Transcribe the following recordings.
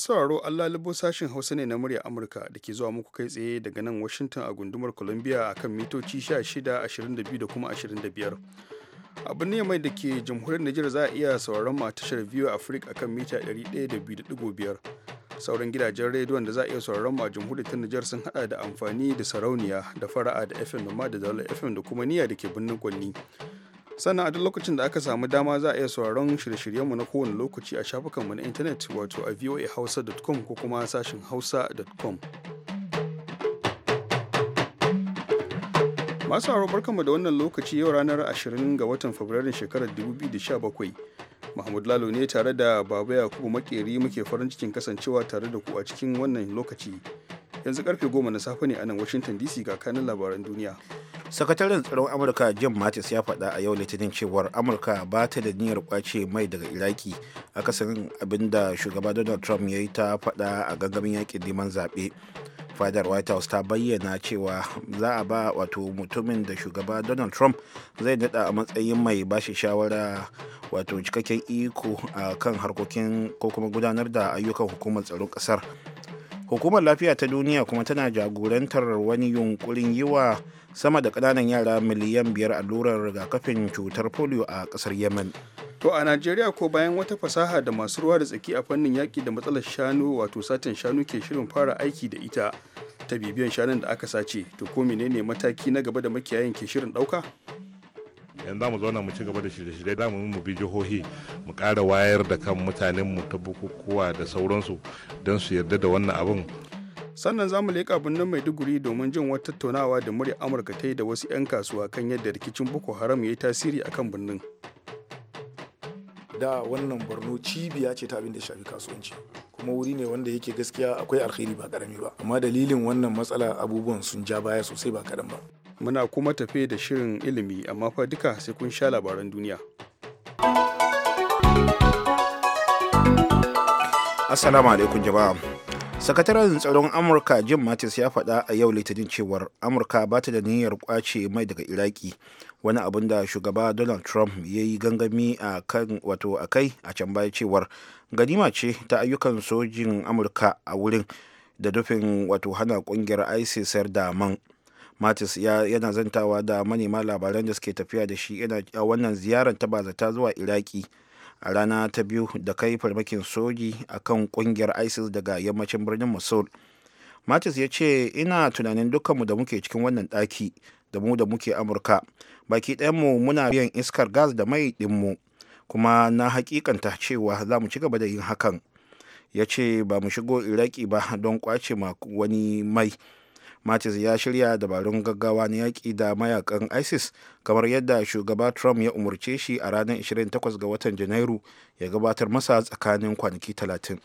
masu sauraro Allah libo sashin Hausa ne na murya Amurka da ke zuwa muku kai tsaye daga nan Washington a gundumar Columbia a kan mitoci 16, 22 da kuma 25. Abin ne mai da ke jamhuriyar Nijar za a iya sauraron ma tashar View Africa a kan mita 102.5. Sauran gidajen rediyon da za a iya sauraron a jamhuriyar ta Nijar sun hada da amfani da sarauniya da fara'a da FM da da FM da kuma niya da ke birnin Kwanni. sannan a duk lokacin da aka samu dama za a iya sauraron shirye-shiryenmu na kowane lokaci a shafukanmu na intanet wato a voahausa.com ko kuma sashin hausa.com masu haro barkanmu da wannan lokaci yau ranar 20 ga watan fabrairun shekarar 2017 Mahmud Lalo ne tare da Baba Yakubu Makeri muke farin cikin kasancewa tare da ku a cikin wannan lokaci. Yanzu karfe goma na safe ne a nan Washington DC ga kanin labaran duniya. sakataren tsaron amurka jim mattis ya faɗa a yau litinin cewar amurka ba ta da niyyar kwace mai daga iraki akasin abin da shugaba donald trump ya yi ta faɗa a gangamin yakin neman zaɓe fadar white house ta bayyana cewa za a ba wato mutumin da shugaba donald trump zai daɗa a matsayin mai bashi shawara wato cikakken iko a kan harkokin ko kuma gudanar da ayyukan hukumar tsaron kasar hukumar lafiya ta duniya kuma tana jagorantar wani yunkurin yiwa. sama da ƙananan yara miliyan biyar allurar rigakafin cutar polio a ƙasar yemen to a najeriya ko bayan wata fasaha da masu ruwa da tsaki a fannin yaƙi da matsalar shanu wato satin shanu ke shirin fara aiki da ita ta bibiyan shanun da aka sace to ko menene mataki na gaba da makiyayin ke shirin ɗauka yan za zauna mu ci gaba da shirye-shirye za mu bi jihohi mu ƙara wayar da kan mutanen mu ta bukukuwa da sauransu don su yarda da wannan abin sannan za mu leƙa birnin maiduguri domin jin wata tattaunawa da murya amurka ta yi da wasu 'yan kasuwa kan yadda rikicin boko haram ya yi tasiri a kan birnin da wannan borno cibiya ce ta abin da shafi kasuwanci kuma wuri ne wanda yake gaskiya akwai alkhairi ba karami ba amma dalilin wannan matsala abubuwan sun ja baya sosai ba kadan ba muna kuma tafe da shirin ilimi amma fa duka sai kun sha labaran duniya assalamu alaikum jama'a sakataren tsaron amurka jim mattis ya faɗa a yau litinin cewar amurka ba ta da niyyar kwace mai daga iraki wani abun da shugaba donald trump ya yi gangami a kan wato a kai a can baya cewar ganima ce ta ayyukan sojin amurka a wurin da dufin wato hana kungiyar isis da man mattis ya, yana zantawa da manema labaran da suke tafiya da shi yana a wannan ziyarar ta bazata zuwa iraki a rana ta biyu da kai farmakin soji a kan kungiyar isis daga yammacin birnin mosul matis ya ce ina tunanin dukkanmu da muke cikin wannan ɗaki da mu da muke amurka baki mu muna biyan iskar gas da mai ɗinmu kuma na hakikanta cewa za mu ci gaba da yin hakan ya ce ba mu shigo iraki ba don kwace ma wani mai matis ya shirya dabarun gaggawa na yaƙi da mayakan isis kamar yadda shugaba trump ya umarce shi a ranar 28 ga watan janairu ya gabatar masa tsakanin kwanaki 30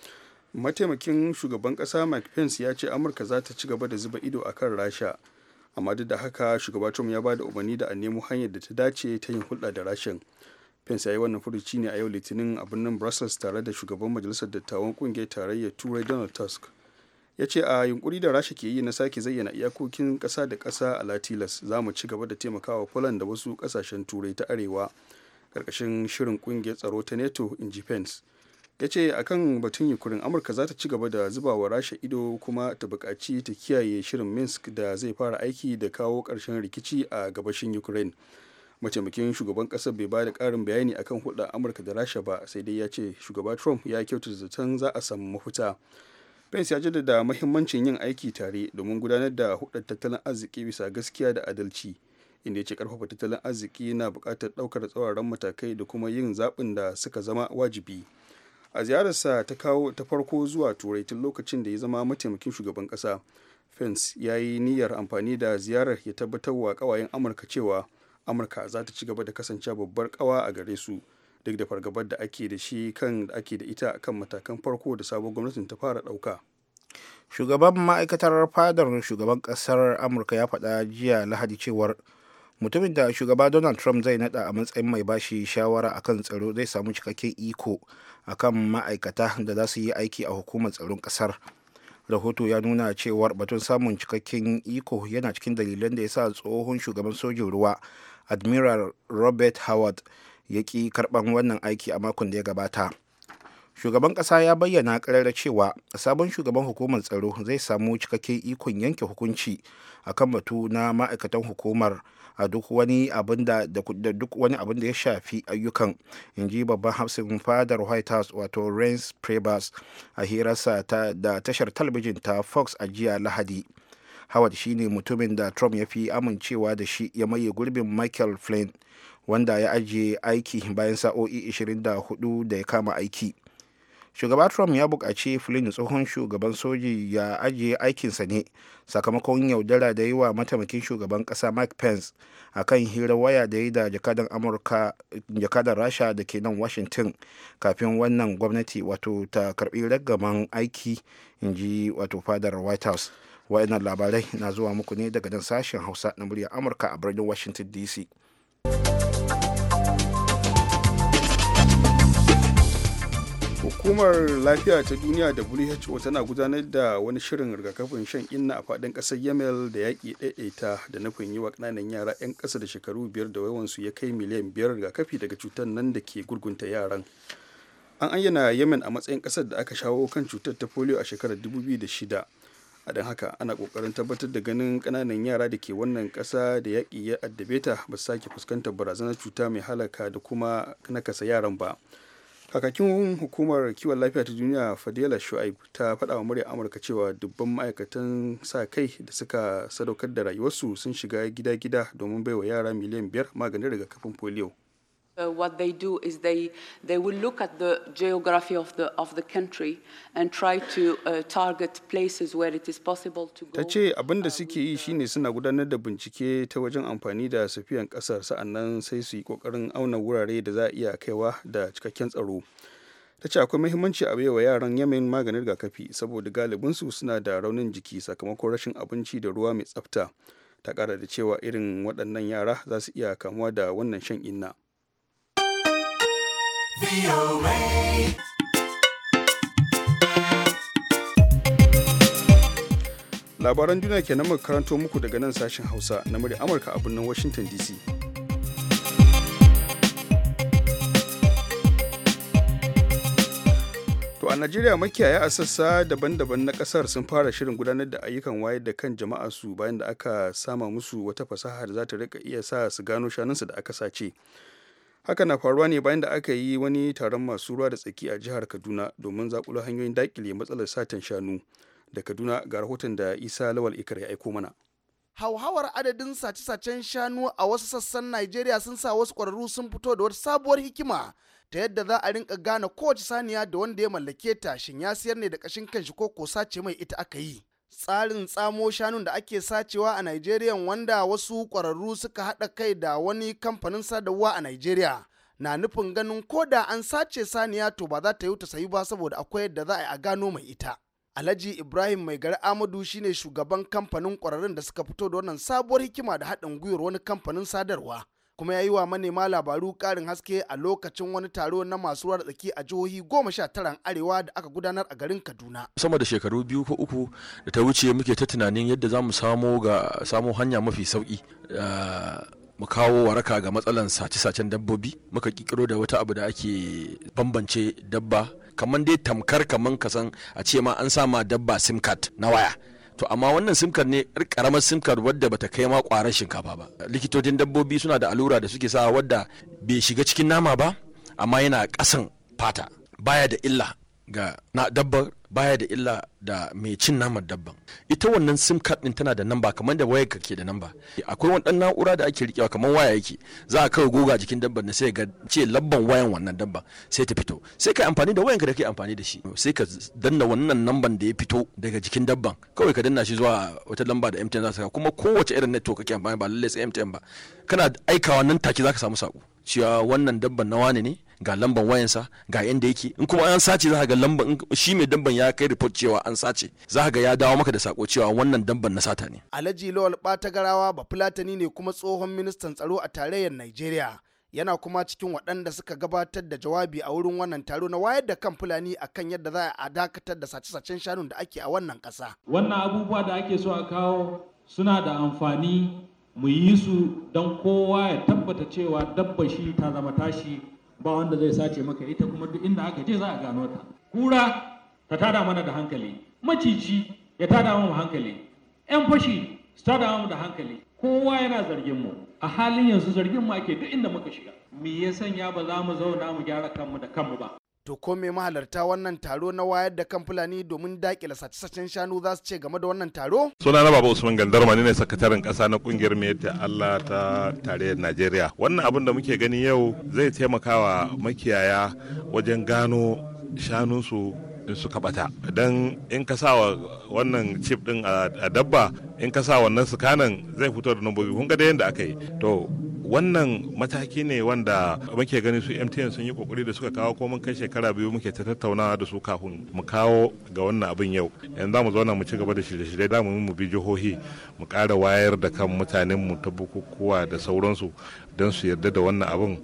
mataimakin shugaban kasa mike pence ya ce amurka za ta ci gaba da zuba ido a kan rasha amma duk da haka shugaba trump ya ba da umarni da a nemo hanyar da ta dace ta yin hulɗa da rashin pence ya yi wannan furuci ne a yau litinin a birnin brussels tare da shugaban majalisar dattawan kungiyar tarayyar turai donald tusk ya ce a yunkuri da rasha ke yi na sake zayyana iyakokin ƙasa da ƙasa a latilas za mu ci gaba da taimakawa poland da wasu ƙasashen turai ta arewa ƙarƙashin shirin ƙungiyar tsaro ta neto in pence ya ce a kan batun yunkurin amurka za ta ci gaba da zuba wa rasha ido kuma ta buƙaci ta kiyaye shirin minsk da zai fara aiki da kawo ƙarshen rikici a gabashin ukraine mataimakin shugaban ƙasar bai ba da ƙarin bayani akan hulɗar amurka da rasha ba sai dai ya ce shugaba trump ya kyautata zaton za a samu mafuta Pence ya jaddada mahimmancin yin aiki tare domin gudanar da hudar tattalin arziki bisa gaskiya da adalci inda ya ce karfafa tattalin arziki na bukatar ɗaukar tsauraran matakai da kuma yin zaɓin da suka zama wajibi. A ziyararsa ta kawo ta farko zuwa turai tun lokacin da ya zama mataimakin shugaban ƙasa. Pence ya yi niyyar amfani da ziyarar ya tabbatar wa ƙawayen Amurka cewa Amurka za ta ci gaba da kasancewa babbar ƙawa a gare su. duk da fargabar da ake da shi kan ake da ita kan matakan farko da sabon gwamnatin ta fara dauka. shugaban ma'aikatar fadar shugaban kasar amurka ya faɗa jiya lahadi cewar mutumin da shugaba donald trump zai nada a matsayin mai bashi shawara akan tsaro zai samu cikakken iko akan ma'aikata da za su yi aiki a hukumar tsaron kasar rahoto ya nuna cewar batun samun cikakken iko yana cikin dalilan da ya sa tsohon shugaban sojin ruwa admiral robert howard ya ƙi karɓan wannan aiki a makon da ya gabata shugaban ƙasa ya bayyana karara cewa sabon shugaban hukumar tsaro zai samu cikakken ikon yanke hukunci akan batu na ma'aikatan hukumar a duk wani abin da duk wani abin da ya shafi ayyukan inji babban hafsin fadar white house wato rains prebas a hirarsa ta, da tashar talabijin ta fox a jiya lahadi howard shine mutumin da trump ya fi amincewa da shi ya maye gurbin michael flynn wanda ya ajiye aiki bayan sa'o'i 24 da ya kama aiki shugaba trump ya buƙaci flynn tsohon shugaban soji ya ajiye aikinsa ne sakamakon yaudara da yi wa mataimakin shugaban ƙasa mike pence a kan hirar waya da yi da jakadan amurka jakadan rasha da ke nan washington kafin wannan gwamnati wato ta karbi ragaman aiki in ji wato fadar white house wayannan labarai na zuwa muku ne daga nan sashen hausa na muryar amurka a birnin washington dc hukumar lafiya ta duniya da who tana gudanar da wani shirin rigakafin shan inna a fadin kasar yamel da yaƙi ɗaiɗaita da nufin yi wa ƙananan yara 'yan ƙasa da shekaru biyar da yawansu ya kai miliyan biyar rigakafi daga cutar nan da ke gurgunta yaran an ayyana yamen a matsayin ƙasar da aka shawo kan cutar ta polio a shekarar 2006 a don haka ana kokarin tabbatar da ganin kananan yara da ke wannan kasa da yaƙi ya addabe ta ba su sake fuskantar barazanar cuta mai halaka da kuma nakasa yaran ba kakakin hukumar kiwon lafiya ta duniya fadela shu'aib ta faɗa wa murya amurka cewa dubban ma'aikatan sa kai da suka sadaukar da rayuwarsu sun shiga gida-gida domin baiwa yara miliyan biyar maganin rigakafin polio So uh, what they do is they, they will look at the geography of the, of the country and try to uh, target places where it is possible to go. Ta ce abin da um, suke yi shine suna gudanar da bincike ta wajen amfani da safiyan kasar sa'annan sai su yi kokarin auna wurare da za a iya kaiwa da cikakken tsaro. Ta ce akwai muhimmanci a baiwa yaran yamin maganin rigakafi saboda galibinsu suna da raunin jiki sakamakon rashin abinci da ruwa mai tsafta. Ta kara da cewa irin waɗannan yara za su iya kamuwa da wannan shan inna. labaran duniya kenan muka karanto muku daga nan sashen hausa na murya amurka a birnin washington dc To a Najeriya makiyaya a sassa daban-daban na kasar sun fara shirin gudanar da ayyukan wayar da kan jama'a su bayan da aka sama musu wata fasaha da za ta rika iya sa su gano shanunsu da aka sace. haka na faruwa ne bayan da aka yi wani taron masu ruwa da tsaki a jihar kaduna domin zakulo hanyoyin dakile matsalar satan shanu da kaduna ga rahoton da isa lawal ikar ya aiko mana hauhawar adadin sace-sacen shanu a wasu sassan najeriya sun sa wasu ƙwararru sun fito da wata sabuwar hikima ta yadda za a rinka gane kowace saniya da wanda ya mallake ta shin ya siyar ne da kashin kanshi ko ko sace mai ita aka yi tsarin tsamo shanun da ake sacewa a Nigeria wanda wasu ƙwararru suka haɗa kai da wani kamfanin sadarwa a Nigeria na nufin ganin ko da an sace saniya to ba za ta yi ta sayi ba saboda akwai yadda za a yi a gano mai ita. Alhaji Ibrahim Mai Gari Amadu shine shugaban kamfanin ƙwararrun da suka fito da wannan sabuwar hikima da haɗin gwiwar wani kamfanin sadarwa. kuma ya yi wa manema labaru karin haske a lokacin wani taro na masu ruwa tsaki a jihohi goma sha taran arewa da aka gudanar a garin kaduna sama da shekaru biyu ko uku da ta wuce muke ta tunanin yadda za mu samo ga samo hanya mafi sauki ah, mu kawo waraka ga matsalan sace-sacen dabbobi muka kikiro da wata abu da ake bambance dabba kamar dai tamkar kamar kasan a ce ma an sama dabba sim card na waya to amma wannan simkar ne karamar simkar wadda bata kai ma kwaran shinkafa ba likitocin dabbobi suna da allura da suke sa wadda bai shiga cikin nama ba amma yana kasan fata baya da illa ga na dabbar baya da illa da mai cin naman dabban ita wannan sim card din tana da namba kamar da wayar ke da namba akwai wani dan na'ura da ake rikewa kamar waya yake za a kawo goga jikin dabban sai ga ce labban wayan wannan dabban sai ta fito sai ka amfani da wayan ka da kai amfani da shi sai ka danna wannan namban da ya fito daga jikin dabban kawai ka danna shi zuwa wata lamba da MTN za ta kuma kowace irin network kake amfani ba lallai sai MTN ba kana aikawa nan take za ka samu sako cewa wannan dabban na wane ne ga lamban wayansa ga yanda yake in kuma an sace za ga lamban shi mai damban ya kai report cewa an sace za ga ya dawo maka da sako cewa wannan damban na sata ne alhaji lawal batagarawa bafulatani ne kuma tsohon ministan tsaro a tarayyar najeriya yana kuma cikin waɗanda suka gabatar da jawabi a wurin wannan taro na wayar da kan fulani akan yadda za a dakatar da sace-sacen shanun da ake a wannan ƙasa. wannan abubuwa da ake so a kawo suna da amfani mu yi su don kowa ya tabbata cewa dabba shi ta zama tashi ba wanda zai sace maka ita kuma duk inda aka je za a gano ta kura ta tada mana da hankali macici ya tada mu hankali yan fashi su tada mana da hankali kowa yana zargin mu a halin yanzu zargin mu ake duk inda muka shiga me ya sanya ba za mu zauna mu gyara kanmu da kanmu ba To ko me mahalarta wannan taro na wayar da kan Fulani domin dakila sace-sacen shanu za su ce game da wannan taro? Suna na Baba Usman Gandarma ne sakataren kasa na kungiyar Mayar da Allah ta tarayyar Najeriya. Wannan abin da muke gani yau zai taimakawa makiyaya wajen gano shanunsu in suka bata don in ka sa wa wannan chip din a dabba in ka sa wannan sukanan zai fito da nambobi kun ga da yadda aka yi to wannan mataki ne wanda muke gani su mtn sun yi kokari da suka kawo ko mun kai shekara biyu muke ta tattaunawa da su kafin mu kawo ga wannan abin yau yanzu za mu zauna mu ci gaba da shirye-shirye da mu mu bi jihohi mu ƙara wayar da kan mutanen mu ta bukukuwa da sauransu don su yarda da wannan abin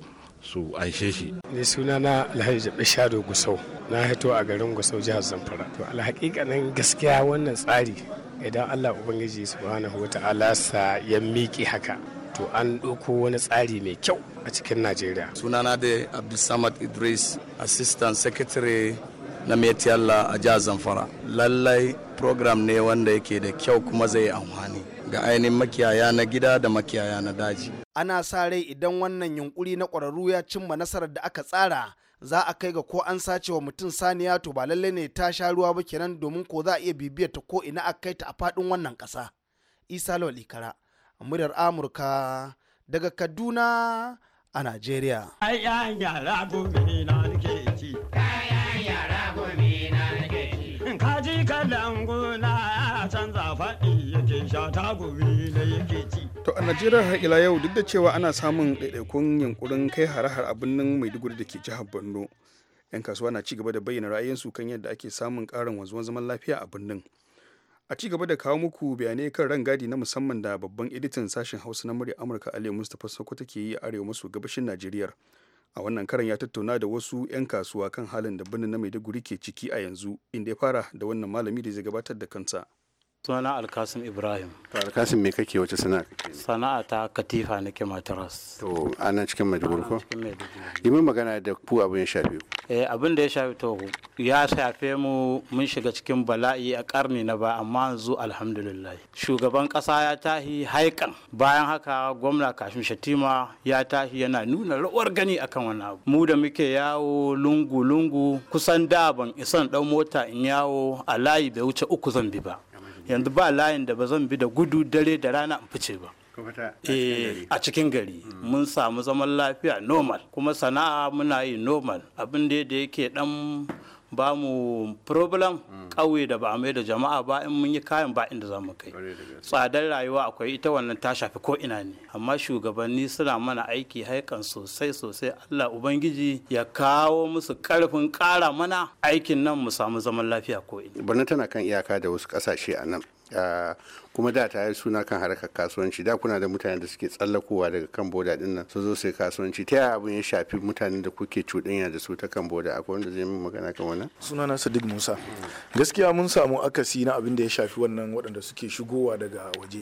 su aishe shi. Ni suna na Alhaji Jabe Shado Gusau, na haito a garin Gusau jihar Zamfara. To nan gaskiya wannan tsari idan Allah Ubangiji subhanahu wa ta'ala sa ya miƙe haka to an ɗauko wani tsari mai kyau a cikin najeriya sunana da abdulsamad idris assistant secretary na metiyalla a jihar zamfara lallai program ne wanda yake da kyau kuma zai amfani ga ainihin makiyaya na gida da makiyaya na daji ana sa rai idan wannan yunkuri na ƙwararru ya cimma nasarar da aka tsara za a kai ga ko an sace wa mutum saniya to ba lallai ne ta sha ruwa ba kenan domin ko za a iya bibiyar ta ko ina a kai ta a faɗin wannan ƙasa isa lawal ikara muryar amurka daga kaduna a najeriya ya canza faɗi sha To a Najeriya har ila yau duk da cewa ana samun ɗaiɗaikun yankurin kai har har a birnin Maiduguri da ke jihar Borno. 'Yan kasuwa na ci gaba da bayyana ra'ayinsu kan yadda ake samun ƙarin wanzuwan zaman lafiya a birnin. a ci gaba da kawo muku bayanai kan rangadi na musamman da babban editan sashen hausa na murya amurka aliyu mustapha sokoto ke yi a arewa maso gabashin najeriya a wannan karan ya tattauna da wasu 'yan kasuwa kan halin da birnin na maiduguri ke ciki a yanzu inda ya fara da wannan malami da zai gabatar da kansa suna alkasim ibrahim to alkasim me kake wace sana'a sana'a ta katifa ke matras to ana cikin maiduguri ko yi magana da ku abin ya shafe eh abin da ya shafe to ya shafe mu mun shiga cikin bala'i a karni na ba amma yanzu alhamdulillah shugaban kasa ya tahi haikan bayan haka gwamna kashim shatima ya tahi yana nuna rawar gani akan wani abu mu da muke yawo lungu lungu kusan da ban isan dan mota in yawo a layi bai wuce uku zan bi ba yanzu ba layin da ba zan bi da gudu dare da rana in fice ba eh, a cikin gari hmm. mun samu zaman lafiya normal kuma sana'a muna yi normal abin da yake dan ba mu problem mm. ƙauye da ba a mai da jama'a ba in mun yi kayan ba inda za mu kai tsadar rayuwa akwai ita wannan ta shafi ko ina ne amma shugabanni suna mana aiki haikan sosai sosai Allah ubangiji ya kawo musu karfin ƙara mana aikin nan mu samu zaman lafiya ko ina tana kan iyaka da wasu kasashe a nan Eh, kuma da ta yi suna kan harkar kasuwanci da kuna da mutane da suke tsallakowa daga kan boda din nan su zo su kasuwanci ta yaya abin ya shafi mutanen da kuke cuɗanya da su ta kan boda akwai wanda zai min magana kan wannan suna na sadiq musa gaskiya mun samu akasi na abin da ya shafi wannan waɗanda suke shigowa daga waje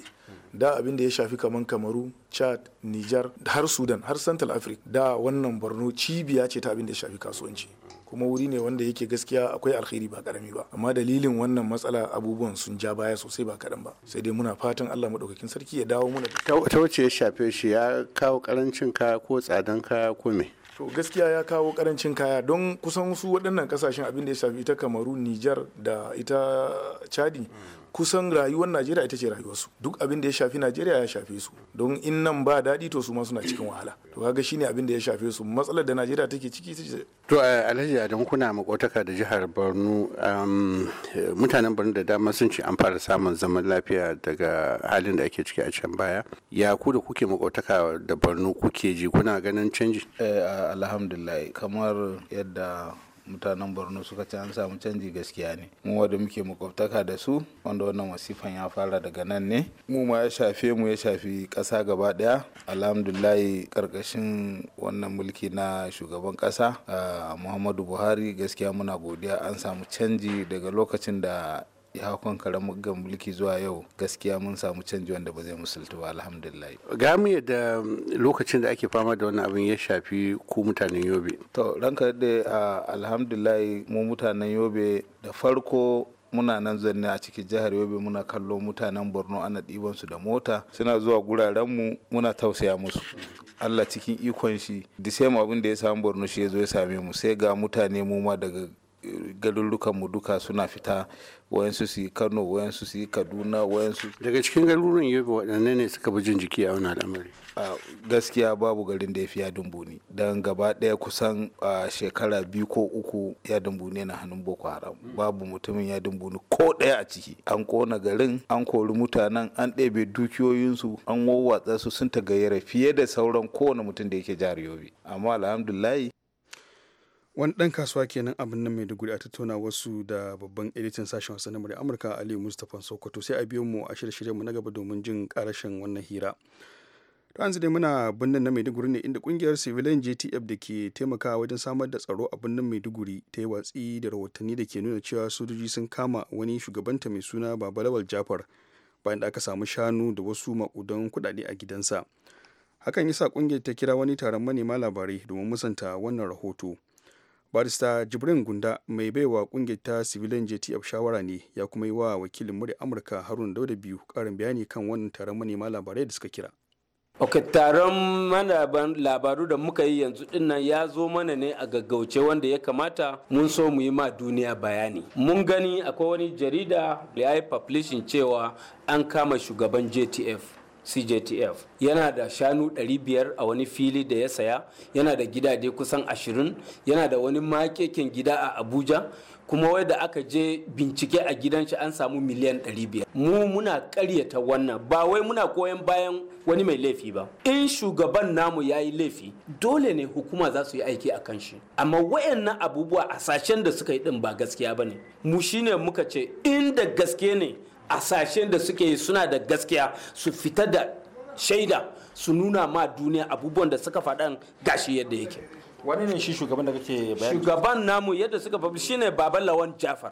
da abin da ya shafi kamar kamaru chad niger har sudan har central africa da wannan borno cibiya ce ta abin da ya shafi kasuwanci kuma wuri ne wanda yake gaskiya akwai alkhairi ba karami ba amma dalilin wannan matsala abubuwan sun ja baya sosai ba kaɗan ba sai dai muna fatan Allah madaukakin sarki ya dawo muna ta wace ya shafe shi ya kawo karancin kaya ko tsadan kaya ko me to gaskiya ya kawo karancin kaya don kusan su waɗannan kasashen abin da ya shafi ita kamaru nijar da ita chadi kusan rayuwar najeriya ita ce rayuwarsu duk abin da ya shafi najeriya ya shafe su don in nan ba daɗi to su ma suna cikin wahala to kaga shine abin da ya shafe su matsalar da najeriya take ciki ita to eh, alhaji adam kuna makotaka da jihar borno mutanen borno da dama sun ce an fara samun zaman lafiya daga halin da ake ciki a can baya ya ku da kuke makotaka da borno kuke ji kuna ganin canji eh, alhamdulillah kamar yadda mutanen borno suka ce an samu canji gaskiya ne mu wanda muke makwabtaka da su wanda wannan wasifan ya fara daga nan ne mu ma ya shafe mu ya shafi ƙasa gaba ɗaya alhamdulahi karkashin wannan mulki na shugaban ƙasa ah, muhammadu buhari gaskiya muna godiya an samu canji daga lokacin da ya kan ga mulki zuwa yau gaskiya mun samu canji wanda ba zai musulta ba alhamdulillah ga mu yadda lokacin da ake fama da wannan abin ya shafi ku mutanen yobe to ranka da alhamdulillah mu mutanen yobe da farko muna nan zanne a cikin jihar yobe muna kallo mutanen borno ana ɗiban su da mota suna zuwa guraren mu muna tausaya musu allah cikin ikon shi da same abin da ya samu borno shi ya zo ya same mu sai ga mutane mu ma daga galurukanmu duka suna fita wayansu su yi kano wayansu su yi kaduna wayansu daga cikin garuruwan yobe waɗanne ne suka fi jin jiki a wani al'amari gaskiya babu garin da ya fi yadin buni don gaba ɗaya kusan shekara biyu ko uku yadin buni na hannun boko haram babu mutumin yadin buni ko ɗaya a ciki an kona garin an kori mutanen an ɗebe dukiyoyinsu an wawwatsa su sun tagayyara fiye da sauran kowane mutum da yake jihar yobe amma alhamdulahi wani ɗan kasuwa kenan abin nan maiduguri a tattauna wasu da babban editan sashen wasan na amurka ali mustapha sokoto sai a biyo mu a shirye mu na gaba domin jin karashin wannan hira to yanzu dai muna birnin na maiduguri ne inda kungiyar civilian jtf da ke taimakawa wajen samar da tsaro a birnin maiduguri ta yi watsi da rahotanni da ke nuna cewa sojoji sun kama wani shugabanta mai suna babalawal jafar bayan da aka samu shanu da wasu makudan kudade a gidansa hakan yasa kungiyar ta kira wani taron manema labarai domin musanta wannan rahoto barista jibrin gunda mai baiwa kungiyar ta civilian jtf shawara ne ya kuma yi wa wakilin murya amurka harun dauda biyu karin bayani kan wannan taron manema labarai da suka kira ok taron manaban labaru da muka yi yanzu dinnan ya zo mana ne a gaggauce wanda ya kamata mun so mu yi ma duniya bayani mun gani akwai wani jarida da ya yi cewa an kama shugaban jtf cjtf yana da shanu 500 a wani fili da ya saya yana da gidaje kusan 20 yana da wani makekin gida a abuja kuma wai da aka je bincike a gidan shi an samu miliyan 500 mu muna karyata wannan ba wai muna koyan bayan wani mai laifi ba in shugaban namu ya yi laifi dole ne hukuma za su yi aiki a kan shi amma wayannan abubuwa a sashen da suka yi din ba gaskiya ba ne mu shine muka ce inda gaske ne asashen da suke suna da gaskiya su fita da shaida su nuna ma duniya abubuwan da suka faɗan gashi yadda yake wani ne shi shugaban da kake bayani shugaban namu yadda suka faɗi shine baban lawan jafar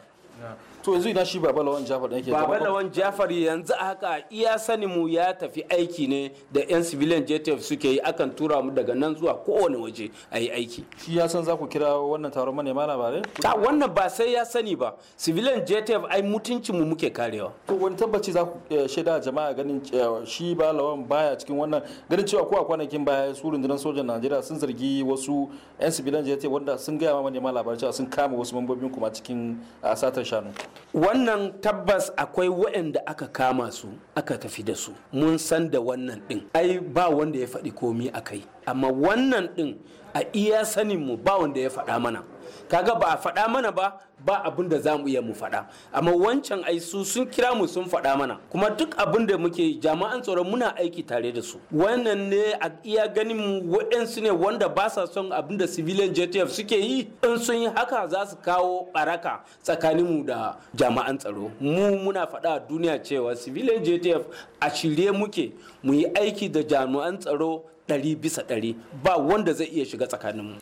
to yanzu ina shi baba lawan jafar yake baba lawan jafar yanzu a haka iya sani mu ya tafi aiki ne da yan civilian jtf suke yi akan tura mu daga nan zuwa kowane waje a yi aiki shi ya san za ku kira wannan taron manema labarai ta wannan ba sai ya sani ba civilian jtf ai mutuncin mu muke karewa to wani tabbaci za ku eh, shaida jama'a ganin eh, shi ba lawan baya cikin wannan ganin cewa ko a kwanakin baya su rundunar sojan najeriya sun zargi wasu yan civilian jtf wanda sun gaya ma manema labarai cewa sun kama wasu mambobin kuma cikin ah, satar shanu wannan tabbas akwai waɗanda aka kama su aka tafi da su mun san da wannan ɗin ai ba wanda ya faɗi komi a kai amma wannan ɗin a iya saninmu ba wanda ya faɗa mana kaga ba a faɗa mana ba ba abin da za mu iya mu faɗa amma wancan ai su sun kira mu sun faɗa mana kuma duk abin da muke jama'an tsaron muna aiki tare da su wannan ne a iya ganin waɗansu ne wanda ba sa son abin da civilian jtf suke yi in sun yi haka za su kawo ɓaraka tsakaninmu da jama'an tsaro mu muna faɗa a duniya cewa civilian jtf a shirye muke mu yi aiki da jami'an tsaro ɗari bisa ɗari ba wanda zai iya shiga tsakaninmu.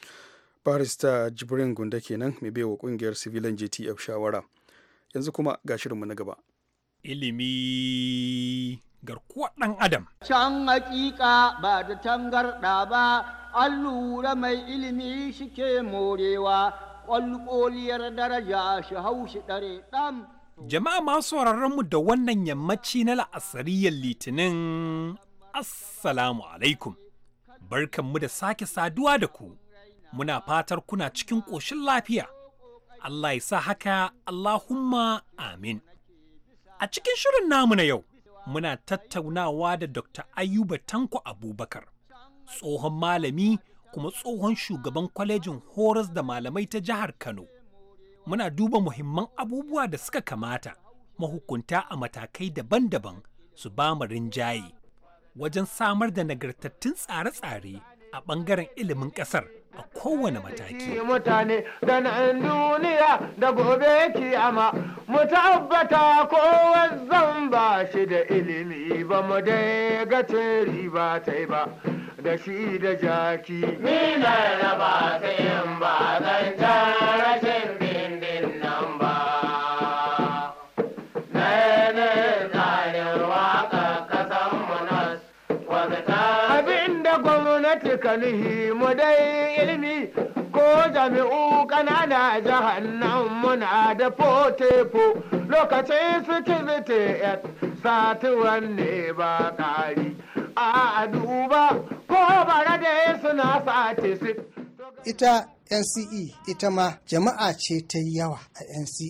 barista jibrin gunda kenan mai bai wa kungiyar civilian GTF shawara yanzu kuma ga shirinmu na gaba ilimi garkuwa ɗan adam can hakika ba da tangarɗa ba an lura mai ilimi shike morewa ƙwalƙoliyar daraja shi hau shi ɗare ɗan jama'a masu mu da wannan yammaci na la'asariyar litinin assalamu alaikum barkanmu da sake saduwa da ku muna fatar kuna cikin ƙoshin lafiya. Allah ya sa haka Allahumma amin. A cikin shirin namu na yau, muna tattaunawa da Dr. Ayuba Tanko Abubakar, tsohon malami kuma tsohon shugaban kwalejin horas da malamai ta jihar Kano. Muna duba muhimman abubuwa da suka kamata mahukunta a matakai daban-daban su ba rinjaye wajen samar da nagartattun tsare-tsare a ɓangaren ilimin ƙasar a kowane mataki. mutane duniya da gobe kiyama mu tabbata kowar zan ba shi da ilimi ba mu dai ga ba ta yi ba da shi da jaki. ni na raba ta yin ba zan sharhi mu dai ilimi ko jami'u kanana jahannan muna da potepo lokacin suke yat sati wanne ba kari a duba ko bara da suna sati ita nce ita ma jama'a ce ta yawa a nce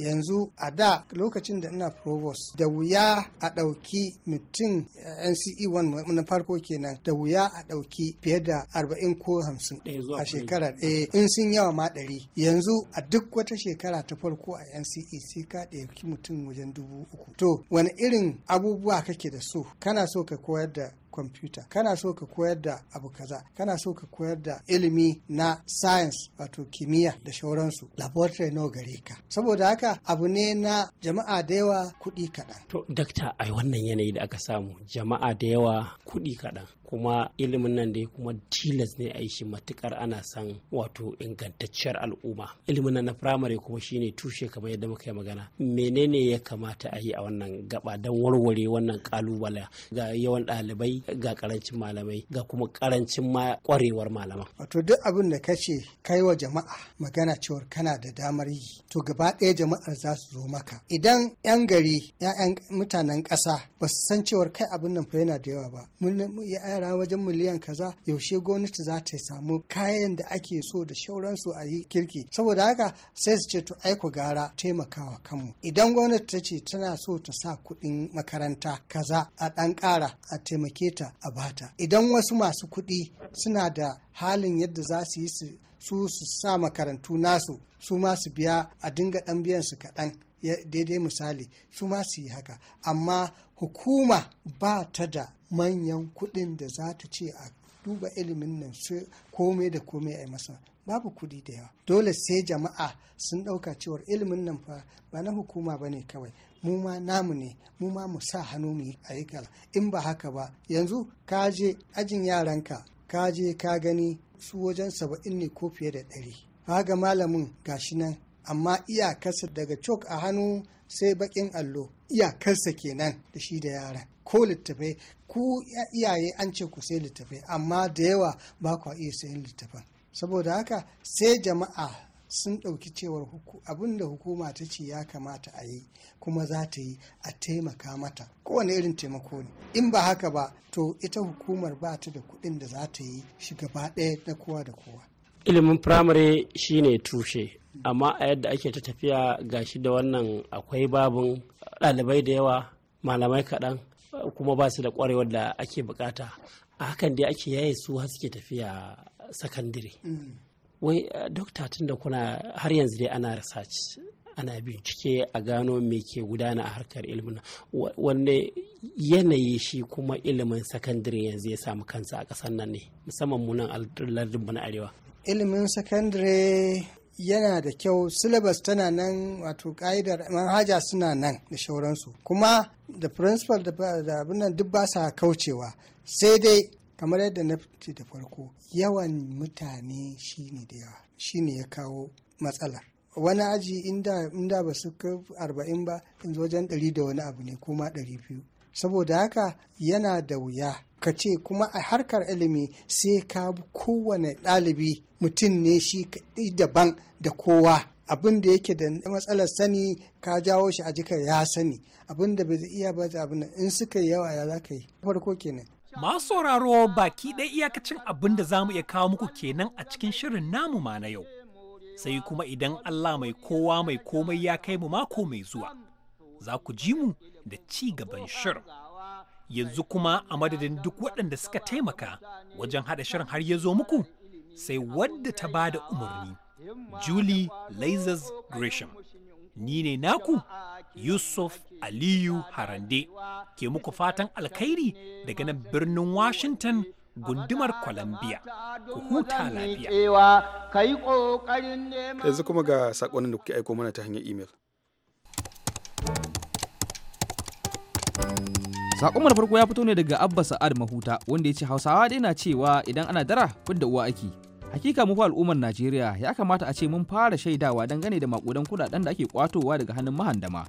yanzu a da lokacin da ina provost da wuya a ɗauki mutum eh, nce 1 na farko kenan da wuya a ɗauki fiye da 40 ko 50 eh, a shekara ɗaya eh, in sun yawa ma ɗari yanzu a duk wata shekara ta farko a nce sai ka ɗauki mutum wajen dubu uku to wani irin abubuwa kake da so kana so ka koyar da kwamfuta kana so ka koyar da abu kaza kana so ka koyar da ilimi na science wato kimiyya da shauransu laboratory nawa gare ka saboda haka abu ne na jama'a da yawa kuɗi kaɗan to dakta a wannan yanayi da aka samu jama'a da yawa kuɗi kaɗan kuma ilimin nan dai kuma tilas ne a shi matukar ana san wato ingantacciyar al'umma ilimin nan na firamare kuma shine tushe kamar yadda muka yi magana menene ya kamata a yi a wannan gaba don warware wannan kalubala ga yawan ɗalibai ga karancin malamai ga kuma karancin ma kwarewar malama. Wato duk abin da ka ce kai wa jama'a magana cewar kana da damar yi to gaba ɗaya jama'ar za su zo maka. Idan 'yan gari 'ya'yan mutanen ƙasa ba su san cewar kai abin nan fa yana da yawa ba. Mun yara wajen miliyan kaza yaushe gwamnati za ta samu kayan da ake so da shauransu a yi kirki. Saboda haka sai su ce to aiko gara taimakawa kanmu. Idan gwamnati ta ce tana so ta sa kuɗin makaranta kaza a ɗan ƙara a taimake ta a bata idan wasu masu kuɗi suna da halin yadda za su yi su su sa makarantu nasu su masu su biya a dinga ɗan biyan su kaɗan daidai misali su masu yi haka amma hukuma ba ta da manyan kuɗin da za ta ce a duba ilimin nan komai da komai a masa babu kudi da yawa dole sai jama'a sun ɗauka cewar ilimin nan fa ba na hukuma ba ne kawai mu ma namu ne mu ma mu sa hannu mu yi in ba haka ba yanzu ka je ajin yaranka ka je ka gani su wajen saba'in ne ko fiye da ɗari ga malamin gashi nan amma iyakarsa daga cok a hannu sai bakin allo iyakarsa kenan da shi da yaran ko littafai ku iyaye an ce ku sai littafai amma da yawa ba ku iya sayan littafan saboda haka sai jama'a sun ɗauki cewar abin da hukuma ta ce ya kamata a yi kuma za ta yi a taimaka mata kowane irin taimako ne in ba haka ba to ita hukumar ba ta da kuɗin da za ta yi shi gaba ɗaya na kowa da kowa ilimin firamare shine tushe amma a yadda ake ta tafiya gashi da wannan akwai babin ɗalibai da yawa malamai kaɗan kuma ba su da ƙwarewar da ake bukata a hakan dai ake yaye su haske tafiya sakandire mm. wai eh, dokta tun da kuna har yanzu dai ana research ana bincike a gano me ke gudana a harkar ilmin wanne yanayi shi kuma ilimin sakandire yanzu ya samu kansa a ƙasar nan ne musamman munan lardin na arewa ilimin sakandire yana da kyau syllabus tana nan wato ka'idar manhaja suna nan da shauransu kuma da principal da abin nan duk ba sa kaucewa sai dai kamar yadda na ce da farko yawan mutane shine da yawa shine ya kawo matsala. wani aji inda ba su ka arba'in ba in wajen ɗari da wani abu ne kuma ɗari biyu saboda haka yana da wuya ka ce kuma a harkar ilimi sai ka kowane ɗalibi mutum ne shi daban da kowa abin da yake da matsalar sani ka jawo shi a jika ya sani abin da bai iya ba abin in suka yi yawa ya za ka yi farko kenan Masu sauraro baki ɗaya iyakacin abin da za mu iya kawo muku kenan a cikin shirin namu ma na yau. Sai kuma idan Allah mai kowa mai komai ya kai mu mako mai zuwa, za ku ji mu da ci gaban shirin. Yanzu kuma a madadin duk waɗanda suka taimaka wajen haɗa shirin har ya zo muku, sai wadda ta ba da umarni, Julie Lazers Gresham. Ni ne naku Yusuf Aliyu Harande ke muku fatan alkhairi daga nan birnin Washington gundumar Columbia. Ku huta lafiya. Yanzu kuma ga saƙonin da kuke aiko mana ta hanyar imel. Sakon da farko ya fito ne daga Abba Sa'ad Mahuta wanda ya ce Hausawa dai na cewa idan ana dara fidda uwa ake. hakika mu al'ummar najeriya ya kamata a ce mun fara shaidawa dangane da makudan kudaden da ake kwatowa daga hannun mahandama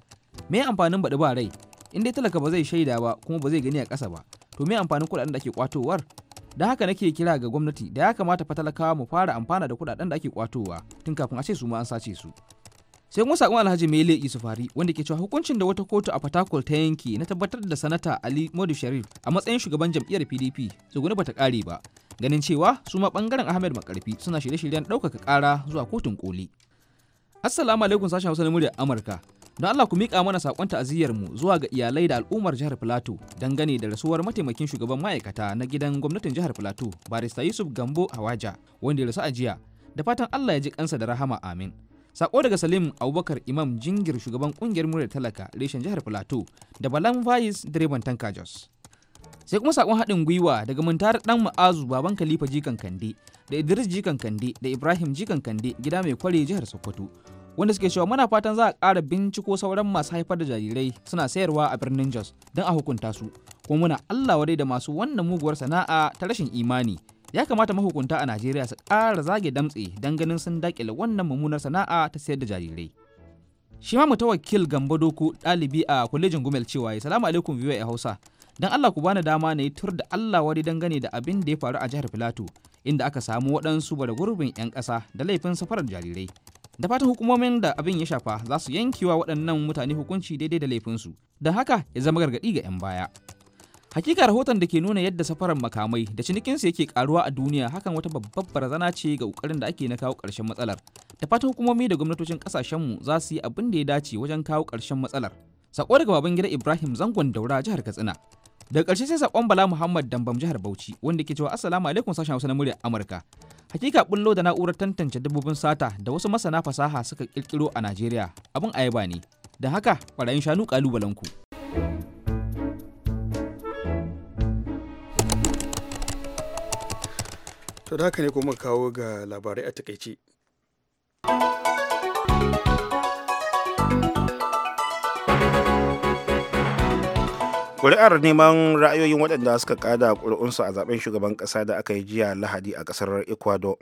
me amfanin baɗi ba rai in dai talaka ba zai shaida ba kuma ba zai gani a ƙasa ba to me amfanin kudaden da ake kwatowar da haka nake kira ga gwamnati da ya kamata fa talakawa mu fara amfana da kudaden da ake kwatowa tun kafin a ce su ma an sace su sai kuma sakon alhaji mele fari wanda ke cewa hukuncin da wata kotu a fatakul ta yanki na tabbatar da sanata ali modu sharif a matsayin shugaban jam'iyyar pdp tsuguni bata kare ba ganin cewa su ma bangaren ahmed makarfi suna shirye-shiryen ɗaukaka kara zuwa kotun koli assalamu alaikum sashen hausa na muryar amurka don allah ku miƙa mana sakon ta'aziyyar mu zuwa ga iyalai da al'ummar jihar filato dangane da rasuwar mataimakin shugaban ma'aikata na gidan gwamnatin jihar filato barista yusuf gambo hawaja wanda ya rasu a jiya da fatan allah ya ji kansa da rahama amin Sako daga Salim Abubakar Imam Jingir shugaban kungiyar murar talaka reshen jihar Plateau da Balan Vayis direban tanka Jos. Sai kuma sakon haɗin gwiwa daga Muntar Dan Ma'azu baban Khalifa Jikan Kande da Idris Jikan Kande da Ibrahim Jikan Kande gida mai kware jihar Sokoto. Wanda suke cewa muna fatan za a ƙara binciko sauran masu haifar da jarirai suna sayarwa a birnin Jos don a hukunta su. Kuma muna Allah wadai da masu wannan muguwar sana'a ta rashin imani ya kamata mahukunta a najeriya su ƙara zage damtse don ganin sun daƙile wannan mummunar sana'a ta sayar da jarirai shi ma wakil gambo Doko ɗalibi a kwalejin gumel cewa ya salamu alaikum biyu a hausa don allah ku bani dama na yi tur da allah wari dangane da abin da ya faru a jihar filato inda aka samu waɗansu bada gurbin 'yan ƙasa da laifin safarar jarirai da fatan hukumomin da abin ya shafa za su yankewa waɗannan mutane hukunci daidai da laifinsu don haka ya zama gargaɗi ga 'yan baya Hakika rahoton da ke nuna yadda safarar makamai da cinikinsu yake karuwa a duniya hakan wata babbar barazana ce ga kokarin da ake na kawo karshen matsalar. Da fatan hukumomi da gwamnatocin kasashenmu za su yi abin da ya dace wajen kawo karshen matsalar. Sako daga baban gida Ibrahim Zangon Daura jihar Katsina. Daga ƙarshe sai sakon Bala Muhammad Dambam jihar Bauchi wanda ke cewa Assalamu alaikum sashen Hausa na muryar Amurka. Hakika bullo da na'urar tantance dabbobin sata da wasu masana fasaha suka kirkiro a Najeriya abin ayaba ne. Da haka ɓarayin shanu ƙalubalen ku. to da haka ne kuma kawo ga labarai a takaice kuri'ar neman ra'ayoyin waɗanda suka kada ƙuri'unsu a zaben shugaban ƙasa da aka yi jiya lahadi a ƙasar ecuador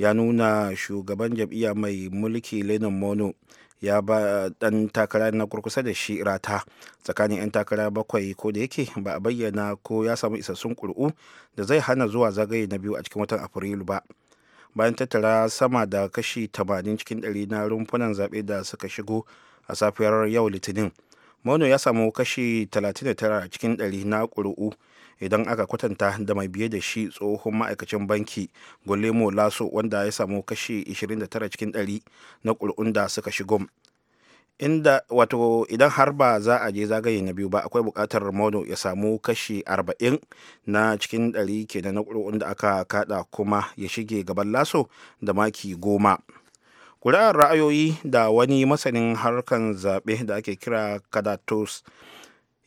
ya nuna shugaban jam'iyya mai mulki lenin mono ya ba dan takara na kurkusa da shi rata tsakanin 'yan takara bakwai ko da yake ba a bayyana ko ya samu isassun kuru'u da zai hana zuwa zagaye na biyu a cikin watan afrilu ba bayan tattara sama da kashi 80 cikin 100 na rumfunan zaɓe da suka shigo a safiyar yau litinin mono ya samu kashi 39 cikin 100 na kuru'u idan aka kwatanta da mai biye da shi tsohon ma'aikacin banki gulemo laso wanda ya samu kashi 29 cikin 100 na da suka shigo inda wato idan har ba za a je zagaye na biyu ba akwai bukatar mono ya samu kashi 40 na cikin 100 kenan na kuri'un da aka kada kuma ya shige gaban laso da maki goma kuri'ar ra'ayoyi da wani masanin harkan zaɓe da ake kira kadatos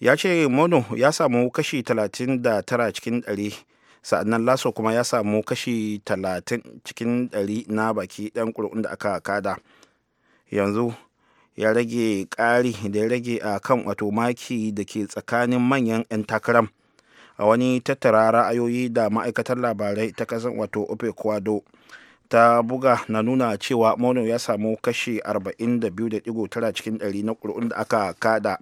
ya ce mono ya samu kashi 39 cikin 100 sa'annan laso kuma ya samu kashi 30 cikin 100 na baki ɗan ƙuri'un da aka kada yanzu ya rage ƙari da ya rage a kan wato maki da ke tsakanin manyan 'yan takaram a wani tattara ra'ayoyi da ma'aikatar labarai ta kasan wato opec kwado ta buga na nuna cewa mono ya samu kashi 42.9 cikin 100 na ƙuri'un da aka kada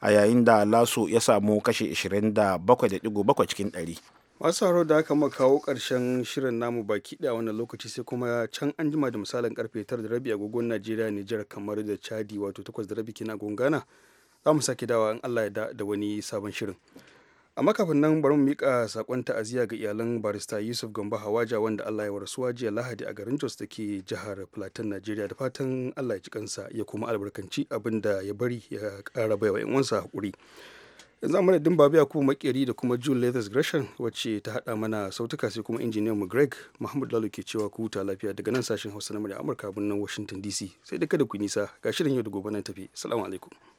a yayin da lasu ya samu kashe 27.7 cikin 100 masu haro da aka maka kawo karshen shirin namu baki da wannan lokaci sai kuma can an jima da misalin karfe 9 da rabi agogon najeriya nijar kamar da chadi wato 8 da rabi kina gongana za mu sake dawa in allah ya da wani sabon shirin amma kafin nan bari mu mika sakon ta'aziyya ga iyalan barista yusuf gamba hawaja wanda allah ya warsuwa jiya lahadi a garin jos da ke jihar plateau nigeria da fatan allah ya ci kansa ya kuma albarkanci abinda ya bari ya kara baiwa yan uwansa hakuri yanzu amma da babu kuma makeri da kuma june leathers gresham wacce ta hada mana sautuka sai kuma injiniyan mu greg muhammad lalu ke cewa ku huta lafiya daga nan sashen hausa na murya amurka birnin washington dc sai da kada ku nisa ga shirin yau da gobe nan tafi salamu alaikum